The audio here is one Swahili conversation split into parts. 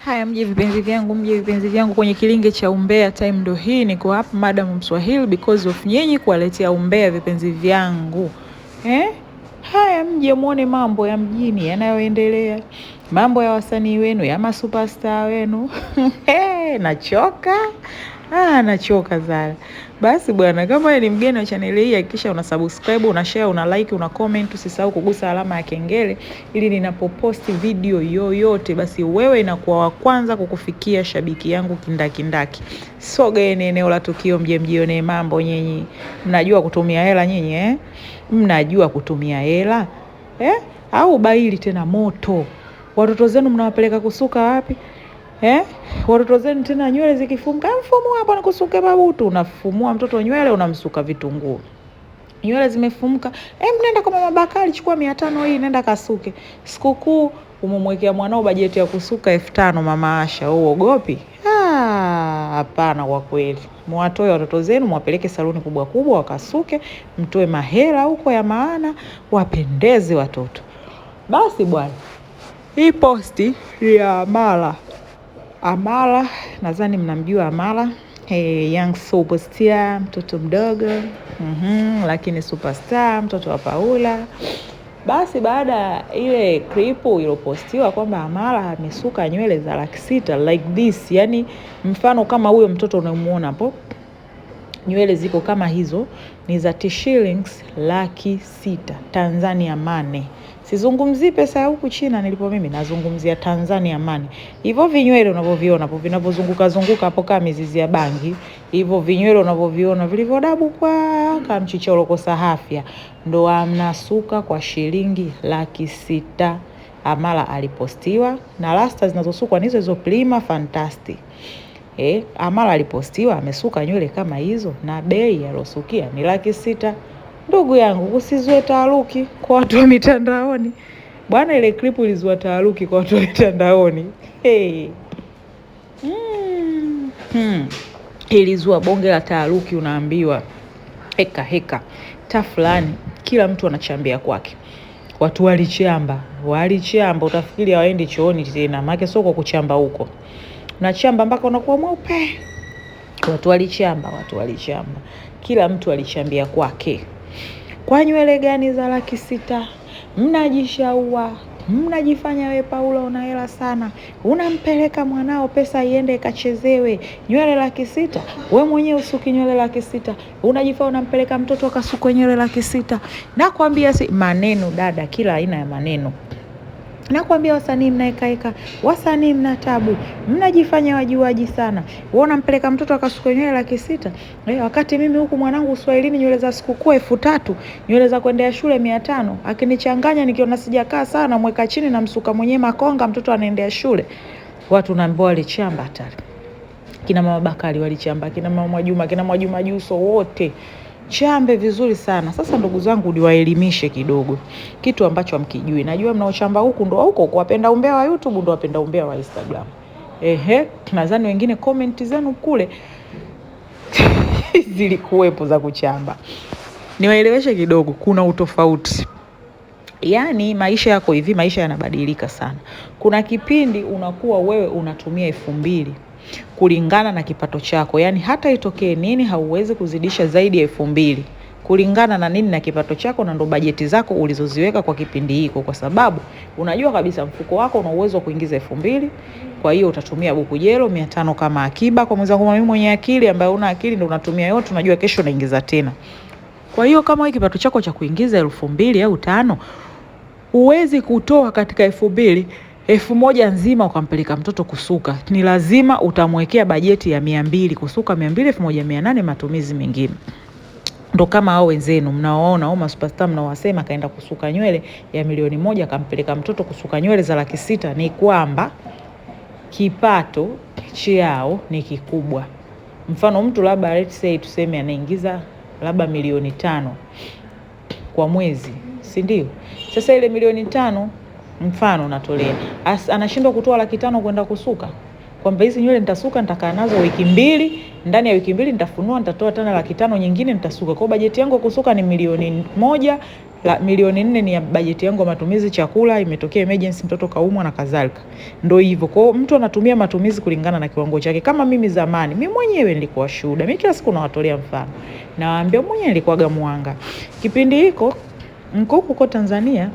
Haya, mje vipenzi vyangu, mje vipenzi vyangu kwenye kilinge cha umbea time, ndo hii niko hapa madam Mswahili because of nyinyi kuwaletea umbea vipenzi vyangu eh? Haya, mje mwone mambo ya mjini yanayoendelea, mambo ya wasanii wenu ya masupastar wenu. Nachoka ah, nachoka zala basi bwana, kama ni mgeni wa chaneli hii, hakikisha una subscribe, una share, una like, una comment. Usisahau kugusa alama ya kengele ili ninapoposti video yoyote, basi wewe inakuwa wa kwanza kukufikia. Shabiki yangu kindakindaki, sogeeni eneo la tukio, mje mjione mambo. Nyinyi mnajua kutumia hela nyinyi eh? Mnajua kutumia hela eh? Au baili tena moto, watoto zenu mnawapeleka kusuka wapi? eh? Watoto zenu tena nywele zikifumuka, yaani mfumua hapo kusuke babutu, Unafumua mtoto nywele, unamsuka vitunguu nywele zimefumuka, eh, nenda kwa mama Bakari, chukua 500 hii nenda kasuke. Sikukuu umemwekea mwanao bajeti ya kusuka 5000 mama Asha, uogopi? Ah, Hapana, kwa kweli, mwatoe watoto zenu mwapeleke saluni kubwa kubwa wakasuke, mtoe mahera huko ya maana, wapendeze watoto. Basi bwana, hii posti ya mara Amala, nadhani mnamjua Amala. Hey, young superstar mtoto mdogo mm -hmm, lakini superstar mtoto wa Paula. Basi baada ya ile klipu iliyopostiwa kwamba Amara amesuka nywele za laki sita like this, yani mfano kama huyo mtoto unayemuona hapo, nywele ziko kama hizo, ni za T shillings laki sita Tanzania mane Sizungumzii pesa ya huku China nilipo mimi, nazungumzia Tanzania mani. Hivyo vinywele unavyoviona hapo vinavyozunguka zunguka hapo kama mizizi ya bangi, hivyo vinywele unavyoviona vilivyodabu kwa kama mchichoro kosa afya, ndo amnasuka kwa shilingi laki sita. Amala alipostiwa na rasta zinazosukwa nizo hizo hizo Prima Fantastic. Eh, Amala alipostiwa amesuka nywele kama hizo na bei yalosukia ni laki sita. Ndugu yangu, usizue taharuki kwa watu wa mitandaoni bwana. Ile klipu ilizua taharuki kwa watu wa mitandaoni hey. mm. hmm. Ilizua bonge la taharuki, unaambiwa heka heka ta fulani, kila mtu anachambia kwake. Watu walichamba walichamba, utafikiri hawaendi chooni tena, maana sio kwa kuchamba huko, unachamba mpaka unakuwa mweupe. Watu walichamba, watu walichamba, kila mtu alichambia kwake. Kwa nywele gani za laki sita mnajishaua, mnajifanya we Paulo una hela sana, unampeleka mwanao pesa iende ikachezewe. Nywele laki sita we mwenyewe usuki nywele laki sita unajifaa, unampeleka mtoto akasukwe nywele laki sita Nakwambia si maneno dada, kila aina ya maneno. Nakwambia wasanii mnaekaeka, wasanii mna tabu, mnajifanya wajuaji sana. Wewe unampeleka mtoto akasuka nywele laki sita eh, wakati mimi huku mwanangu Uswahilini nywele za sikukuu elfu tatu nywele za kuendea shule mia tano akinichanganya nikiona sijakaa sana, mweka chini na msuka mwenyewe makonga, mtoto anaendea shule. Watu naambiwa walichamba hatari, kina mama Bakari walichamba, kina mama Mwajuma, kina Mwajuma Juso wote chambe vizuri sana. Sasa ndugu zangu, niwaelimishe kidogo kitu ambacho hamkijui. Najua mnaochamba huku ndo huko kuwapenda umbea wa YouTube ndo wapenda umbea wa Instagram. Ehe, nadhani wengine comment zenu kule zilikuwepo za kuchamba. Niwaeleweshe kidogo, kuna utofauti Yaani maisha yako hivi, maisha yanabadilika sana. Kuna kipindi unakuwa wewe unatumia elfu mbili kulingana na kipato chako. Yaani hata itokee nini, hauwezi kuzidisha zaidi ya elfu mbili kulingana na nini na kipato chako, na ndo bajeti zako ulizoziweka kwa kipindi hiko, kwa sababu unajua kabisa mfuko wako una uwezo wa kuingiza elfu mbili. Kwa hiyo utatumia buku jelo mia tano kama akiba. Kwa mwenzangu mimi mwenye akili, ambaye una akili ndo unatumia yote, unajua kesho unaingiza tena. Kwa hiyo kama hii kipato chako cha kuingiza elfu mbili au tano huwezi kutoa katika elfu mbili elfu moja nzima ukampeleka mtoto kusuka, ni lazima utamwekea bajeti ya mia mbili kusuka, mia mbili elfu moja mia nane matumizi mengine ndo kama hao wenzenu mnawaona au masupasta mnawasema kaenda kusuka nywele ya milioni moja akampeleka mtoto kusuka nywele za laki sita ni kwamba kipato chao ni kikubwa. Mfano mtu labda let's say tuseme anaingiza labda milioni tano kwa mwezi, si ndio? Sasa ile milioni tano mfano natolea, anashindwa kutoa laki tano kwenda kusuka, kwamba hizi nywele nitasuka, nitakaa nazo wiki mbili, ndani ya wiki mbili nitafunua, nitatoa tena laki tano nyingine nitasuka. Kwa bajeti yangu ya kusuka ni milioni moja la milioni nne ni ya bajeti yangu ya matumizi, chakula, imetokea emergency, mtoto kaumwa na kadhalika. Ndio hivyo. Kwa mtu anatumia matumizi kulingana na kiwango chake. Kama mimi zamani, mimi mwenyewe nilikuwa shuhuda. Mimi kila siku nawatolea mfano. Nawaambia mwenyewe nilikuwa gamwanga. Kipindi hiko mko kwa Tanzania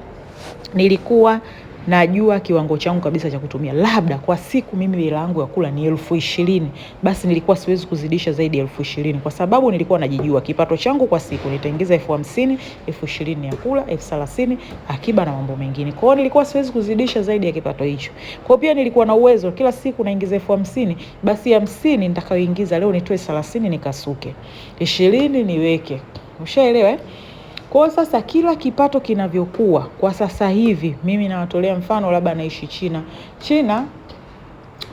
nilikuwa najua kiwango changu kabisa cha kutumia. Labda kwa siku mimi bila yangu ya kula ni elfu ishirini, basi nilikuwa siwezi kuzidisha zaidi ya elfu ishirini kwa sababu nilikuwa najijua kipato changu kwa siku nitaingiza elfu hamsini, elfu ishirini ya kula, elfu thelathini akiba na mambo mengine. kwao nilikuwa siwezi kuzidisha zaidi ya kipato hicho. kwao pia nilikuwa na uwezo kila siku naingiza elfu hamsini, basi hamsini nitakayoingiza leo nitoe thelathini nikasuke, ishirini niweke. Ushaelewa eh? Kwa sasa kila kipato kinavyokuwa kwa sasa hivi, mimi nawatolea mfano, labda naishi China. China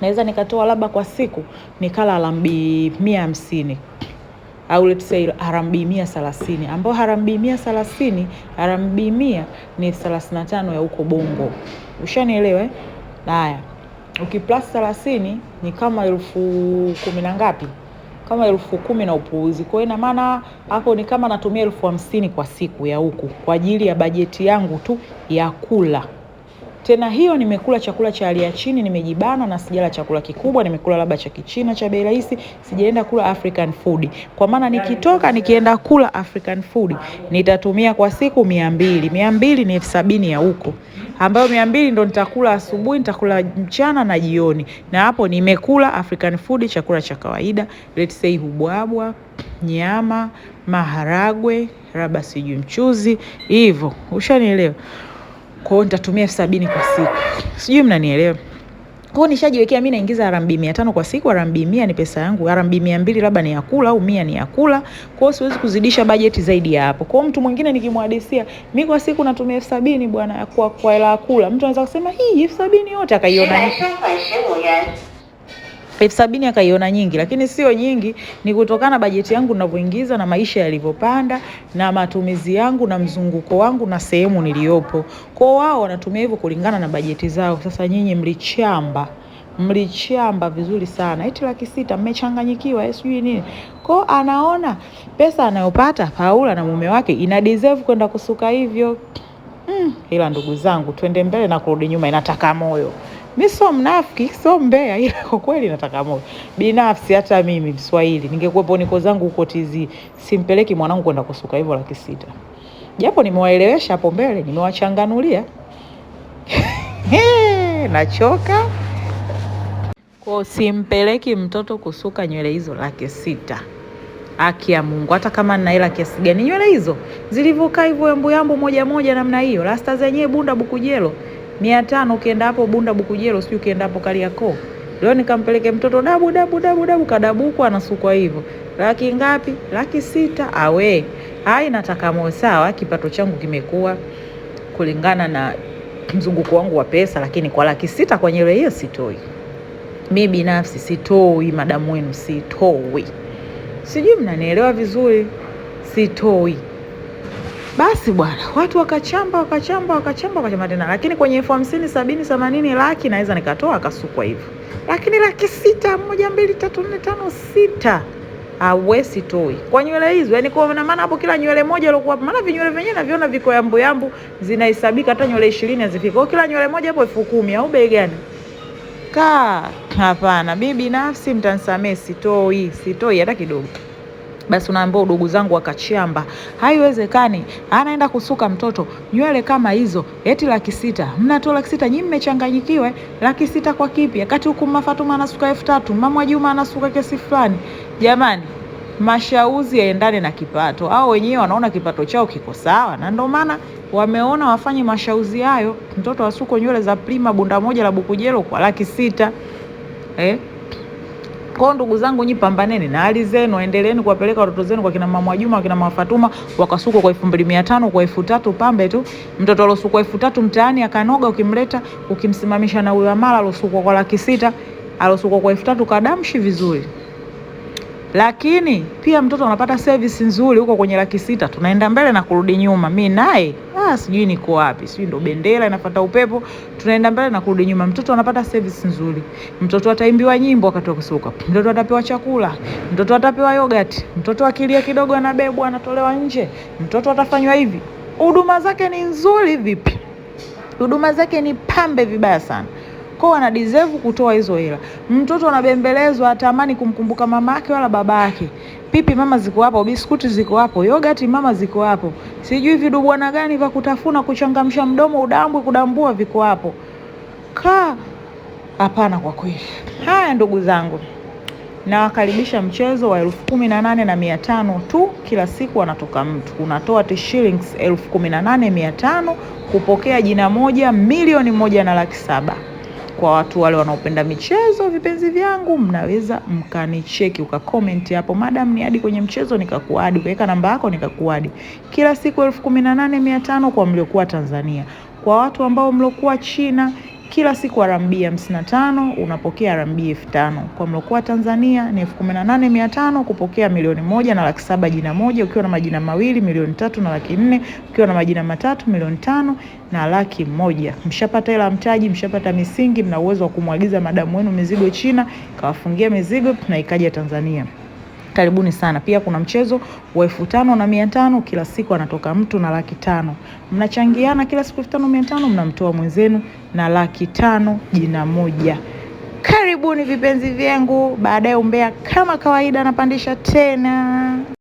naweza nikatoa labda kwa siku nikala rambi mia hamsini au let's say harambi mia thelathini ambayo harambi mia thelathini harambi mia ni thelathini na tano ya huko Bongo, ushanielewe? Eh? Haya, ukiplus thelathini ni kama elfu kumi na ngapi? kama elfu kumi na upuuzi. Kwa hiyo ina maana hapo ni kama natumia elfu hamsini kwa siku ya huku kwa ajili ya bajeti yangu tu ya kula tena hiyo nimekula chakula cha hali ya chini, nimejibana na sijala chakula kikubwa, nimekula labda cha kichina cha bei rahisi, sijaenda kula African food. Kwa maana nikitoka nikienda kula African food nitatumia kwa siku mia mbili. Mia mbili ni elfu sabini ya huko, ambayo mia mbili ndo nitakula asubuhi, nitakula mchana na jioni, na hapo nimekula African food, chakula cha kawaida, let's say hubwabwa, nyama, maharagwe, labda sijui mchuzi, hivyo. Ushanielewa? Kwa hiyo nitatumia elfu sabini kwa siku, sijui mnanielewa. Kwa hiyo nishajiwekea mimi naingiza RMB 500 kwa siku, RMB 100 ni pesa yangu, RMB 200 labda ni ya kula au 100 ni ya kula. Kwa hiyo siwezi kuzidisha bajeti zaidi ya hapo. Kwa hiyo mtu mwingine nikimwadisia, mimi kwa siku natumia elfu sabini bwana kwa kwa hela ya kula. Mtu anaweza kusema hii elfu sabini yote akaiona elfu sabini akaiona nyingi, lakini sio nyingi. Ni kutokana bajeti yangu ninavyoingiza na maisha yalivyopanda na matumizi yangu na mzunguko wangu na sehemu niliyopo. Kwa wao wanatumia hivyo kulingana na bajeti zao. Sasa nyinyi mlichamba mlichamba vizuri sana, eti laki sita mmechanganyikiwa, eh, sijui nini. Kwa anaona pesa anayopata Paula na mume wake ina deserve kwenda kusuka hivyo. Mm, ila ndugu zangu, twende mbele na kurudi nyuma inataka moyo. Mi sio mnafiki, sio mbea, ila kwa kweli nataka moyo binafsi. Hata mimi Mswahili ningekuwepo niko zangu huko TZ, simpeleki mwanangu kwenda kusuka hivyo laki sita, japo nimewaelewesha hapo mbele, nimewachanganulia nachoka kwa, simpeleki mtoto kusuka nywele hizo laki sita. Haki ya Mungu, hata kama nina hela kiasi gani, nywele hizo zilivyokaa hivyo yambu yambu moja moja namna hiyo, rasta zenyewe bunda bukujelo mia tano ukienda hapo Bunda Bukujero, sijui ukienda hapo Kariakoo. Leo nikampeleke mtoto dabu dabu dabu dabu, kadabukwa anasukwa hivyo. Laki ngapi? Laki sita. Awe hai nataka moyo sawa, kipato changu kimekuwa kulingana na mzunguko wangu wa pesa, lakini kwa laki sita kwa nywele hiyo sitoi. Mi binafsi sitoi, madamu wenu sitoi, sijui mnanielewa vizuri, sitoi. Basi bwana, watu wakachamba wakachamba wakachamba wakachamba tena, lakini kwenye elfu hamsini sabini themanini laki naweza nikatoa akasukwa hivyo, lakini laki sita moja mbili tatu nne tano sita awesi toi kwa nywele hizo, yani kwa maana hapo kila nywele moja ilikuwa, maana vinywele vyenyewe naviona viko yambu yambu, zinahesabika hata nywele 20 hazifiki. Kwa kila nywele moja hapo elfu kumi au bei gani? Ka hapana, mimi binafsi mtanisamee, sitoi sitoi hata kidogo basi unaambia udugu zangu wakachamba. Haiwezekani, anaenda kusuka mtoto nywele kama hizo, eti laki sita. Mnatoa laki sita nyinyi, mmechanganyikiwe. Laki sita kwa kipi? Wakati huku Mafatuma anasuka elfu tatu mama Juma anasuka kesi fulani. Jamani, mashauzi yaendane na kipato au wenyewe wanaona kipato chao kiko sawa, na ndio maana wameona wafanye mashauzi hayo. Mtoto asuko nywele za Prima bunda moja la Bukujelo kwa laki sita eh? Kwa ndugu zangu, nyi pambaneni na hali zenu, endeleeni kuwapeleka watoto zenu kwa kina mama Juma, kwa kina mama Fatuma, wakasukwa kwa elfu mbili mia tano kwa elfu tatu pambe tu. Mtoto alosukwa elfu tatu mtaani akanoga, ukimleta ukimsimamisha na huyo Amara alosukwa kwa laki sita alosukwa kwa elfu tatu kadamshi vizuri lakini pia mtoto anapata service nzuri huko kwenye laki sita, tunaenda mbele na kurudi nyuma. Mi naye ah, sijui niko wapi, sijui ndo bendera inapata upepo, tunaenda mbele na kurudi nyuma. Mtoto anapata service nzuri, mtoto ataimbiwa nyimbo wakati wa kusuka, mtoto atapewa chakula, mtoto atapewa yogurt, mtoto akilia kidogo anabebwa, anatolewa nje, mtoto atafanywa hivi. Huduma zake ni nzuri vipi? Huduma zake ni pambe vibaya sana kwao deserve kutoa hizo hela. Mtoto anabembelezwa, atamani kumkumbuka mama yake wala baba yake. Pipi mama ziko hapo, biskuti ziko hapo, yogati mama ziko hapo, sijui vidubwana gani vya kutafuna kuchangamsha mdomo udambwe kudambua viko hapo. Ka hapana, kwa kweli. Haya ndugu zangu, nawakaribisha mchezo wa elfu kumi na nane na mia tano tu. Kila siku anatoka mtu, unatoa shilingi elfu kumi na nane mia tano kupokea jina moja milioni moja na laki saba kwa watu wale wanaopenda michezo, vipenzi vyangu, mnaweza mkanicheki ukakomenti hapo, madam ni hadi kwenye mchezo nikakuadi, ukaweka namba yako nikakuadi. Kila siku elfu kumi na nane mia tano kwa mliokuwa Tanzania, kwa watu ambao mliokuwa China kila siku RMB 55 unapokea RMB 5000. Kwa wa Tanzania ni 18500 kupokea milioni moja na laki saba jina moja, ukiwa na majina mawili milioni tatu na laki nne, ukiwa na majina matatu milioni tano na laki moja. Mshapata hela mtaji, mshapata misingi, mna uwezo wa kumwagiza madamu wenu mizigo China, kawafungia mizigo na ikaja Tanzania. Karibuni sana. Pia kuna mchezo wa elfu tano na mia tano kila siku anatoka mtu na laki tano. Mnachangiana kila siku elfu tano mia tano mnamtoa mwenzenu na laki tano jina moja. Karibuni vipenzi vyangu, baadaye umbea kama kawaida anapandisha tena.